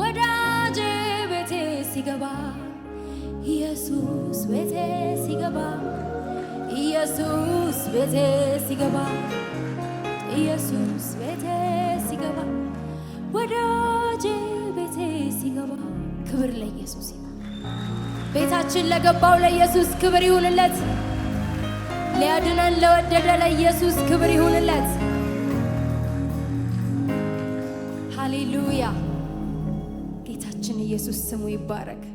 ወዳጄ ቤቴ ሲገባ ኢየሱስ ቤቴ ሲገባ ኢየሱስ ቤቴ ሲገባ ኢየሱስ ቤቴ ሲገባ ወዳጄ ቤቴ ሲገባ ክብር ለኢየሱስ ይሁን። ቤታችን ለገባው ለኢየሱስ ክብር ይሁንለት። ሊያድነን ለወደደ ለኢየሱስ ክብር ይሁንለት። ሃሌሉያ Jesus' name barak.